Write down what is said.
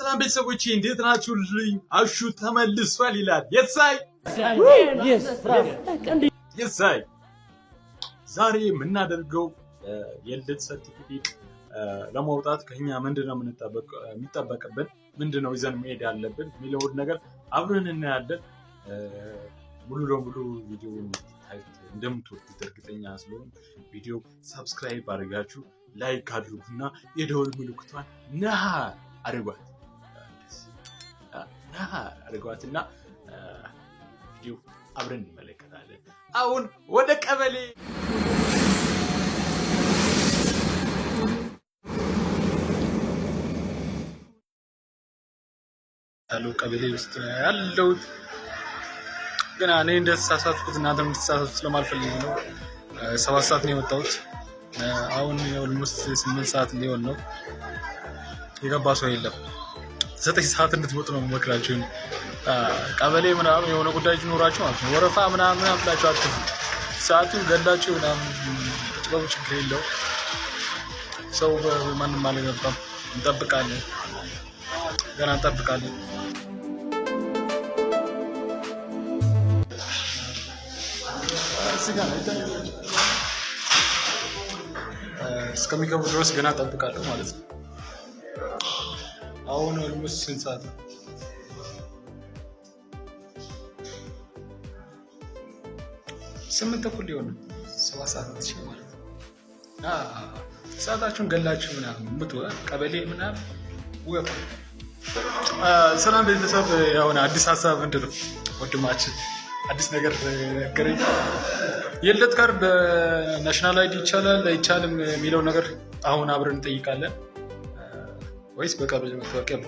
ሰላም ቤተሰቦቼ እንዴት ናችሁልኝ? አሹ ተመልሷል ይላል የሳይ የሳይ። ዛሬ የምናደርገው የልደት ሰርቲፊኬት ለማውጣት ከኛ ምንድነው የሚጠበቅብን፣ ምንድነው ይዘን መሄድ ያለብን የሚለውን ነገር አብረን እናያለን። ሙሉ ለሙሉ ቪዲዮ እንደምትወዱት እርግጠኛ ስለሆን ቪዲዮ ሰብስክራይብ አድርጋችሁ ላይክ አድርጉና የደወል ምልክቷን ነሃ አድርጓል። ቀና አድርጓትና ቪዲዮ አብረን እንመለከታለን። አሁን ወደ ቀበሌ ያለው ቀበሌ ውስጥ ያለው ግን እኔ እንደተሳሳትኩት እናንተ እንድትሳሳቱ ስለማልፈልግ ነው። ሰባት ሰዓት ነው የወጣሁት። አሁን ኦልሞስት ስምንት ሰዓት ሊሆን ነው። የገባ ሰው የለም። ዘጠኝ ሰዓት እንድትወጡ ነው የምመክራችሁ። ቀበሌ ምናምን የሆነ ጉዳይ ኖራችሁ ማለት ነው ወረፋ ምናምን ብላችሁ አትፉ። ሰዓቱን ገላችሁ ምናምን ጥበቡ ችግር የለው ሰው ማንም አልገባም። እንጠብቃለን፣ ገና እንጠብቃለን። እስከሚገቡ ድረስ ገና እንጠብቃለሁ ማለት ነው። አሁን ኦልሞስት ስንት ሰዓት ነው? ስምንት ተኩል ሊሆን ሰባት ሰዓት ማለት ነው። ሰዓታችሁን ገላችሁ ምናምን ምት ቀበሌ ምናምን ወፍ ሰላም ቤተሰብ ያሆነ አዲስ ሀሳብ ምንድን ነው ወንድማችን አዲስ ነገር ነገረኝ። የልደት ካርድ በናሽናል አይዲ ይቻላል አይቻልም የሚለው ነገር አሁን አብረን እንጠይቃለን። Oi, de que a Bruna aqui.